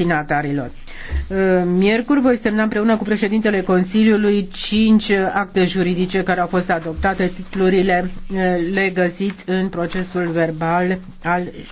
destinatarilor. Ă, miercuri voi semna împreună cu președintele Consiliului cinci acte juridice care au fost adoptate. Titlurile ă, le găsiți în procesul verbal al